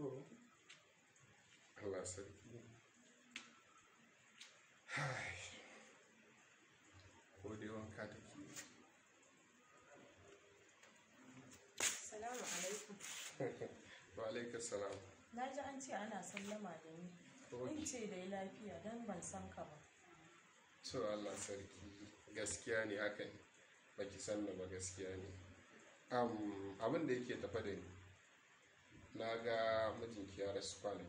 Allah sarki ko dai wanka take salamu alaikum wa alaikum salam na ji an ce ana sallama da ni in ce dai lafiya don ban san ka ba so Allah sarki gaskiya ne haka ne baki sanna ba gaskiya ne abin da yake tafa da ni na ga mijinki ya rasu kwanaki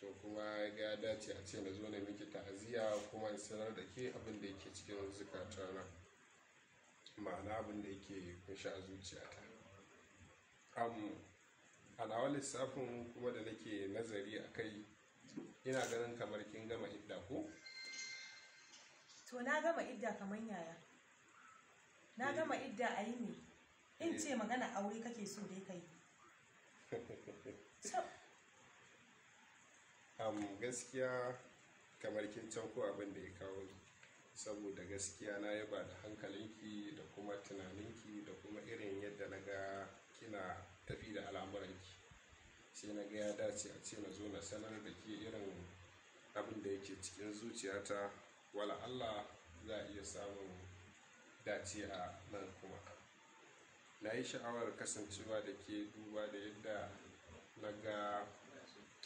to kuma ya dace a ce na zo na miki ta'aziyya kuma in sanar da ke abin da yake cikin zukatana ma'ana abin da yake kunshi a zuciyata am alawar lissafin kuma da nake nazari a kai ina ganin kamar kin gama idda ko to na gama idda kamar yaya na gama idda a yi ne in ce magana aure kake so dai ya am gaskiya kamar kin ko abin da ya kawo ni saboda gaskiya na yaba da hankalinki da kuma tunaninki da kuma irin yadda na ga kina tafi da al'amuranki sai na ga ya dace a ce na zo na sanar da ke irin abin da yake cikin zuciyata wala Allah za a iya samun dace a nan kuma na yi sha'awar kasancewa da ke duba da yadda na ga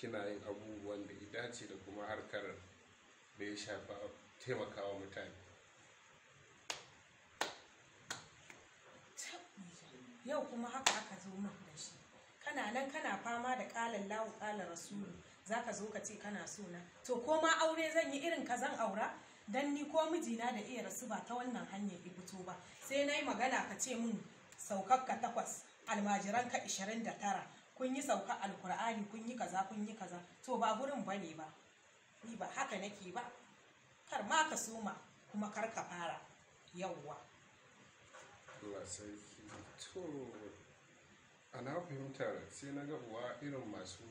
kina yin abubuwan da ya dace da kuma harkar da ya shafa taimakawa mutane yau kuma haka aka zo min da shi kana nan kana fama da kalan lawu kalan rasulu zaka zo ka ce kana so na to ko ma aure zan yi irin ka zan aura dan ni ko mijina da iya rasu ba ta wannan hanyar ya fito ba sai na yi magana ka ce mun saukakka takwas almajiranka ishirin da tara kun yi sauka alkur'ani kun yi kaza kun yi kaza to ba gurin ba ne ba ni ba haka nake ba kar ma ka soma kuma kar ka fara yawwa to ana fahimtar sai na ga uwa irin masu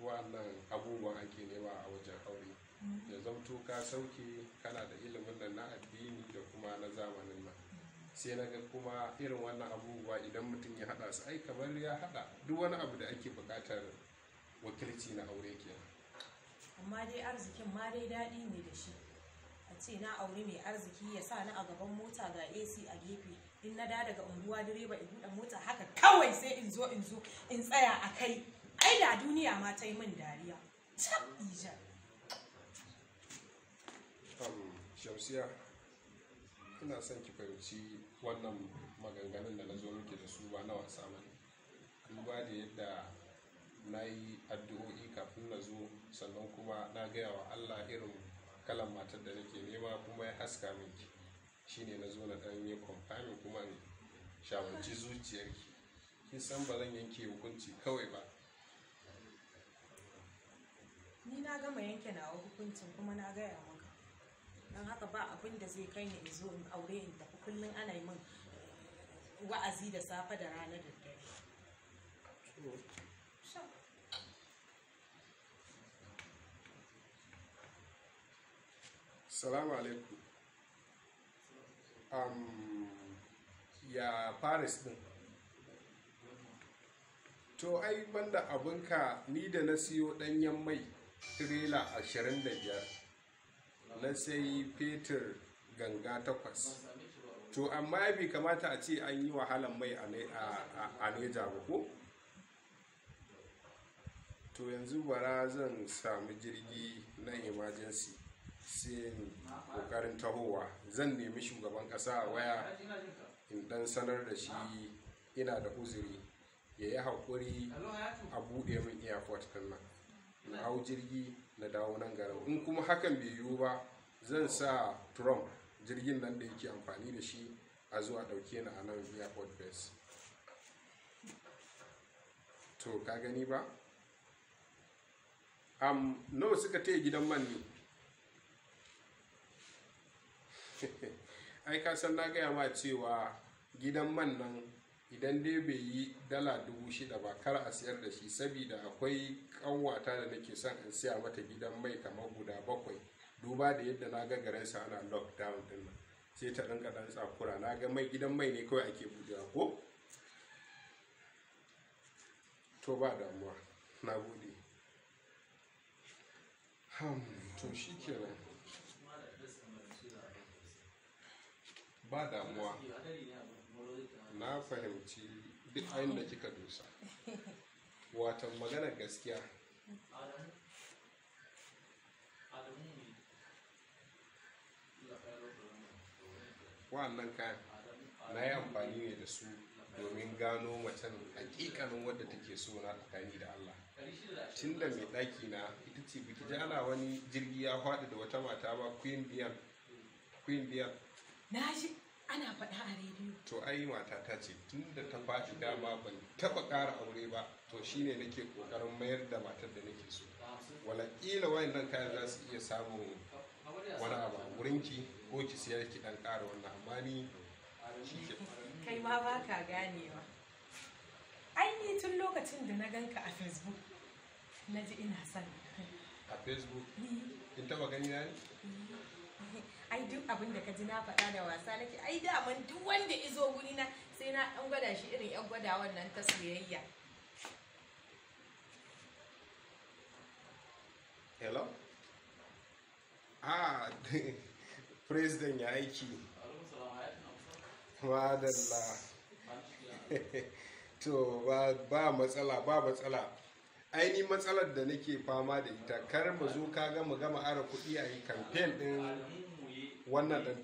wannan abubuwan ake nema a wajen aure mm-hmm. ya zamto ka sauke kana da ilimin da na addini da kuma na zamanin nan sai na ga kuma irin wannan abubuwa idan mutum ya haɗa su ai kamar ya haɗa duk wani abu da ake bukatar wakilci na aure ke. amma dai arzikin ma dai daɗi ne da shi a ce na aure mai arziki ya sa ni a gaban mota ga ac a gefe in na da daga unguwa direba in buɗe mota haka kawai sai in zo in zo in tsaya a kai ai da duniya ma ta yi min dariya tab ijar shamsiya ina son ki fahimci wannan maganganun da na zo miki da su ba na wasa ba ne duba da yadda na yi addu'o'i kafin na zo sannan kuma na gaya wa allah irin kalan matar da nake nema kuma ya haska miki shine na zo na dan yi kwamfani kuma in shawarci zuciyarki kin san ba zan yanke hukunci kawai ba ni na gama yanke nawa hukuncin kuma na gaya maka don haka ba abin da zai kai ni in aure in tafi kullum ana yi min eh, wa'azi da safe da rana da dare salamu alaikum um, ya paris din to ai banda abinka ni da na siyo danyen mai tirela 25 na sai fetur ganga takwas to amma bai kamata a ce an yi wahalan mai a neja ba ko to yanzu bara zan sami jirgi na emergency sai kokarin tahowa zan nemi shugaban kasa a waya in dan sanar da shi ina da uzuri ya yi haƙuri a buɗe min airport ɗin nan na hau jirgi na dawo nan garau in kuma hakan bai yiwu ba zan sa trump jirgin nan da yake amfani da shi a zuwa ɗauke na a nan port base to ka gani ba am nawa suka taya gidan man ne ai san na gaya ma cewa gidan man nan idan dai bai yi dala dubu shida ba kar a siyar da shi saboda akwai kanwata da nake son in siya mata gidan mai kamar guda bakwai duba da yadda na ga garin sa ana lockdown din nan sai ta rinka dan tsakura na ga mai gidan mai ne kawai ake budewa ko to ba damuwa na gode ham to shi kenan ba damuwa na fahimci duk ayin da kika dosa watan maganar gaskiya wa'annan kayan na yi amfani ne da su domin gano macen hakikanin wadda take so na tsakani da Allah tun da mai ɗaki na ita ce biki ji ana wani jirgi ya faɗi da wata mata ba queen biyan biyan na shi ana faɗa a rediyo to ai matata ce tun da ta faɗi dama ban taɓa ƙara aure ba to shine nake ƙoƙarin mayar da matar da nake so wayan nan kayan za su iya samun wani abu a ko ki siyar ki ɗan ƙara wannan amma ni kai ma ba ka ganewa ai ni tun lokacin da na ganka a facebook na ji ina son a facebook eh. in taɓa gani na ni? ai duk abin da ka ji na faɗa da wasa nake ai daman duk wanda izo guri na sai na ɗan gwada shi irin ƴan gwada wannan ta soyayya hello ah president ya aiki madalla to ba matsala ba matsala ainihin matsalar da nake fama da ita kar mu zo ka gama gama ara kuɗi a yi kamfen din a time.